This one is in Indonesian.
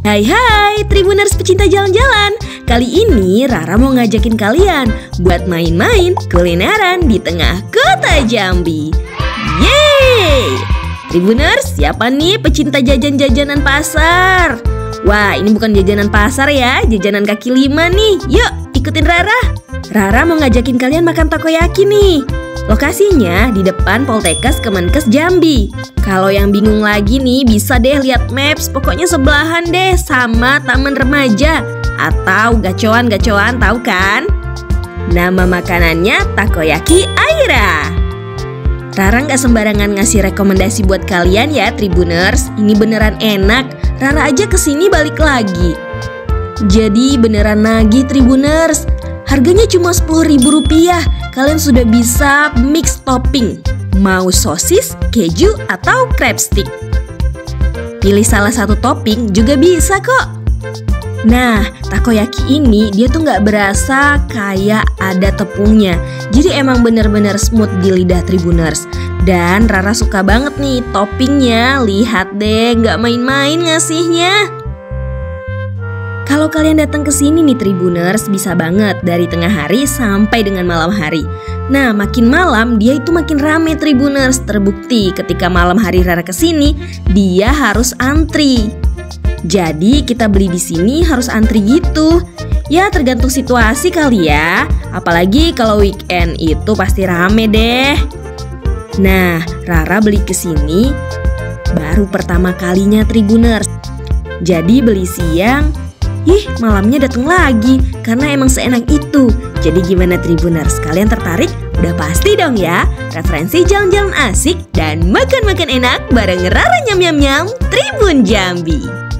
Hai hai, Tribuners pecinta jalan-jalan. Kali ini Rara mau ngajakin kalian buat main-main kulineran di tengah kota Jambi. Yeay! Tribuners, siapa nih pecinta jajan-jajanan pasar? Wah, ini bukan jajanan pasar ya, jajanan kaki lima nih. Yuk, ikutin Rara. Rara mau ngajakin kalian makan takoyaki nih. Lokasinya di depan Poltekkes Kemenkes Jambi. Kalau yang bingung lagi nih bisa deh lihat maps, pokoknya sebelahan deh sama Taman Remaja atau gacoan-gacoan tahu kan? Nama makanannya Takoyaki Aira. Rara nggak sembarangan ngasih rekomendasi buat kalian ya Tribuners. Ini beneran enak. Rara aja kesini balik lagi. Jadi beneran nagih Tribuners. Harganya cuma Rp10.000. Kalian sudah bisa mix topping. Mau sosis, keju, atau crab stick. Pilih salah satu topping juga bisa kok. Nah, takoyaki ini dia tuh nggak berasa kayak ada tepungnya. Jadi emang bener-bener smooth di lidah tribuners. Dan Rara suka banget nih toppingnya. Lihat deh, nggak main-main ngasihnya. Kalau kalian datang ke sini nih Tribuners, bisa banget dari tengah hari sampai dengan malam hari. Nah, makin malam dia itu makin rame Tribuners. Terbukti ketika malam hari Rara ke sini, dia harus antri. Jadi kita beli di sini harus antri gitu. Ya tergantung situasi kali ya. Apalagi kalau weekend itu pasti rame deh. Nah, Rara beli ke sini baru pertama kalinya Tribuners. Jadi beli siang Ih, malamnya datang lagi karena emang seenak itu. Jadi gimana Tribuner, sekalian tertarik? Udah pasti dong ya. Referensi jalan-jalan asik dan makan-makan enak bareng Rara Nyam Nyam Nyam Tribun Jambi.